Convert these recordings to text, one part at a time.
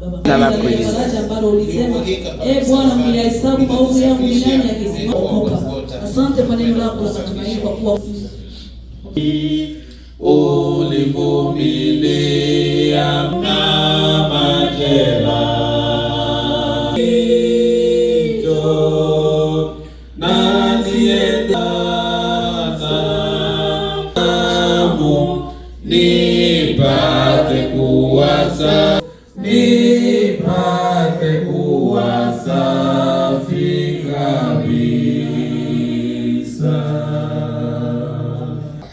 Baba ambalo eh, Asante kwa ulivumilia na majeraha ndio na nipate kuwa safi, nipate kuwa safi kabisa.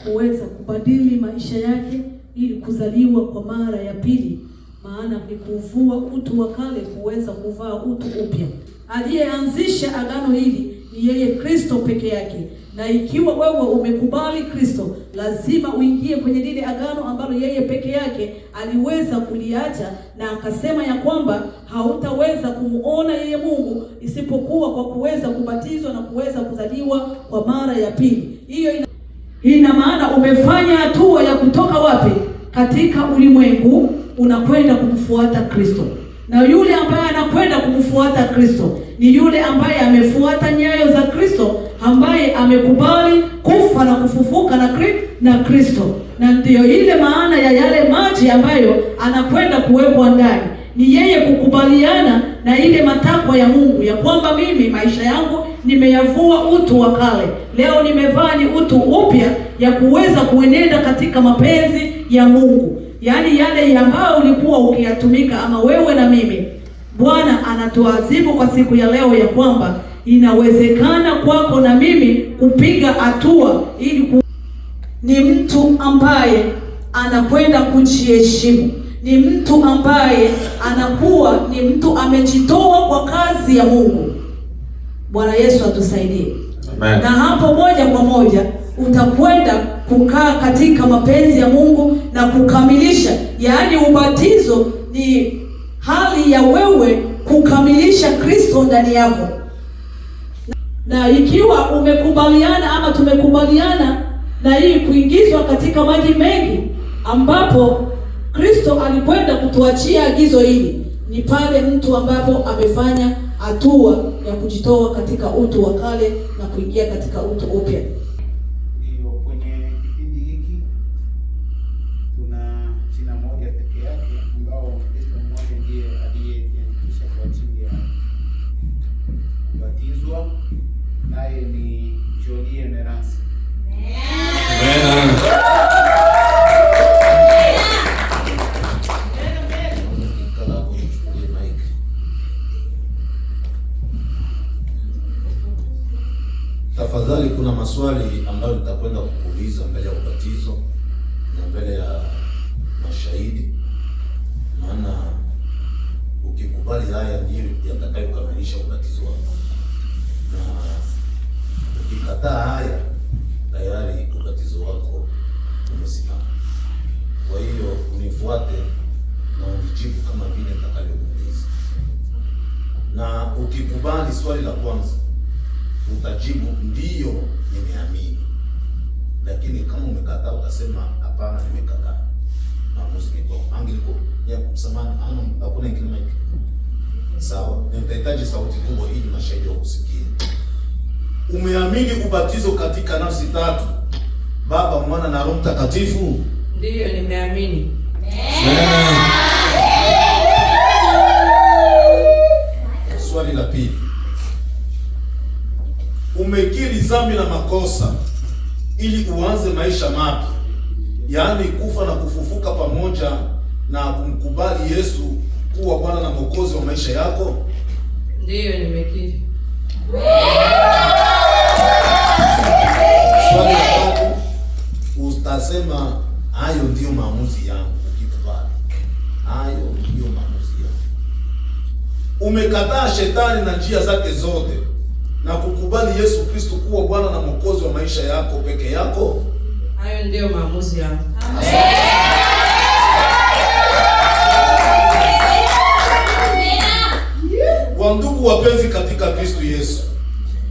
Kuweza kubadili maisha yake ili kuzaliwa kwa mara ya pili, maana ni kuvua utu wa kale kuweza kuvaa utu upya. Aliyeanzisha agano hili ni yeye Kristo peke yake. Na ikiwa wewe umekubali Kristo, lazima uingie kwenye lile agano ambalo yeye peke yake aliweza kuliacha, na akasema ya kwamba hautaweza kumuona yeye Mungu isipokuwa kwa kuweza kubatizwa na kuweza kuzaliwa kwa mara ya pili. Hiyo ina, ina maana umefanya hatua ya kutoka wapi? Katika ulimwengu unakwenda kumfuata Kristo na yule ambaye anakwenda kumfuata Kristo ni yule ambaye amefuata nyayo za Kristo, ambaye amekubali kufa na kufufuka na kri, na Kristo, na ndiyo ile maana ya yale maji ambayo anakwenda kuwekwa ndani ni yeye kukubaliana na ile matakwa ya Mungu ya kwamba mimi maisha yangu nimeyavua utu wa kale, leo nimevaa ni utu upya ya kuweza kuenenda katika mapenzi ya Mungu yaani yale ambayo ulikuwa ukiyatumika ama wewe na mimi, Bwana anatuazimu kwa siku ya leo ya kwamba inawezekana kwako na mimi kupiga hatua ili ku... ni mtu ambaye anakwenda kujiheshimu, ni mtu ambaye anakuwa ni mtu amejitoa kwa kazi ya Mungu. Bwana Yesu atusaidie, na hapo moja kwa moja utakwenda kukaa katika mapenzi ya Mungu na kukamilisha. Yaani ubatizo ni hali ya wewe kukamilisha Kristo ndani yako, na ikiwa umekubaliana ama tumekubaliana na hii kuingizwa katika maji mengi, ambapo Kristo alikwenda kutuachia agizo hili, ni pale mtu ambapo amefanya hatua ya kujitoa katika utu wa kale na kuingia katika utu upya. ambaye ni Jolie Merasi. Tafadhali, kuna maswali ambayo nitakwenda kukuuliza mbele ya ubatizo na mbele ya mashahidi, maana ukikubali haya ndiyo yatakayokamilisha ubatizo wako kadhaa haya, tayari utatizo wako umesimama. Kwa hiyo unifuate na unijibu kama vile nitakavyokuuliza, na ukikubali swali la kwanza utajibu ndiyo, nimeamini. Lakini kama umekataa utasema hapana, nimekataa maamuzi ni kwa angiliko ya kumsamani ana hakuna ingine maiki sawa. Nitahitaji sauti kubwa ili mashahidi wakusikie umeamini kubatizwa katika nafsi tatu, Baba, Mwana na Roho Mtakatifu? Ndiyo, nimeamini. Swali la pili, umekiri dhambi na makosa ili uanze maisha mapya, yaani kufa na kufufuka pamoja na kumkubali Yesu kuwa Bwana na Mwokozi wa maisha yako? Ndiyo, nimekiri. Swali la tatu, utasema hayo ndiyo maamuzi yangu ukikubali. Hayo ndiyo maamuzi yangu. Umekataa shetani na njia zake zote na kukubali Yesu Kristo kuwa Bwana na Mwokozi wa maisha yako peke yako. Hayo ndiyo maamuzi yangu. Amen. Wandugu wapenzi katika Kristo Yesu,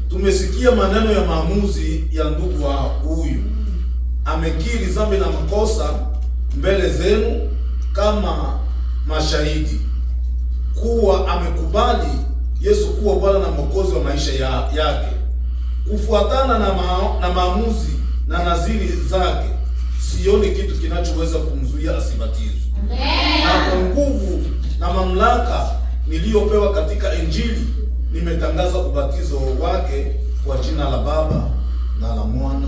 Tumesikia maneno ya maamuzi ya ndugu wa huyu, amekiri dhambi na makosa mbele zenu kama mashahidi kuwa amekubali Yesu kuwa Bwana na Mwokozi wa maisha ya, yake. Kufuatana na, ma, na maamuzi na naziri zake, sioni kitu kinachoweza kumzuia asibatizwe, na kwa nguvu na mamlaka niliyopewa katika Injili limetangaza ubatizo wake kwa jina la Baba na la Mwana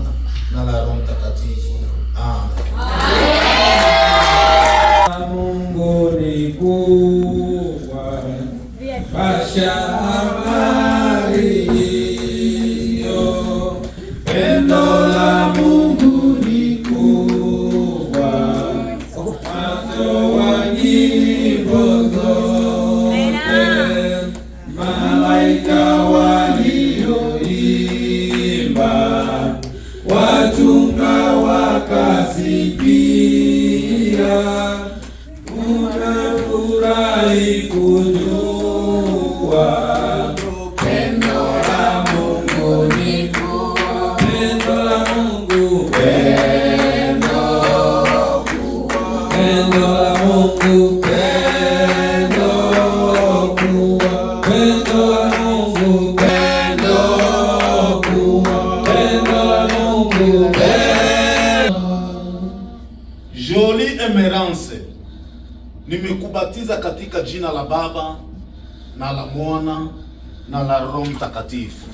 na la Roho Mtakatifu. Amen. Mungu ni kuu, tunafurahi kujua pendo la Mungu ni kuu, pendo la Mungu, pendo pendo la Mungu, Jolie Emerance Nimekubatiza katika jina la Baba na la Mwana na la Roho Mtakatifu.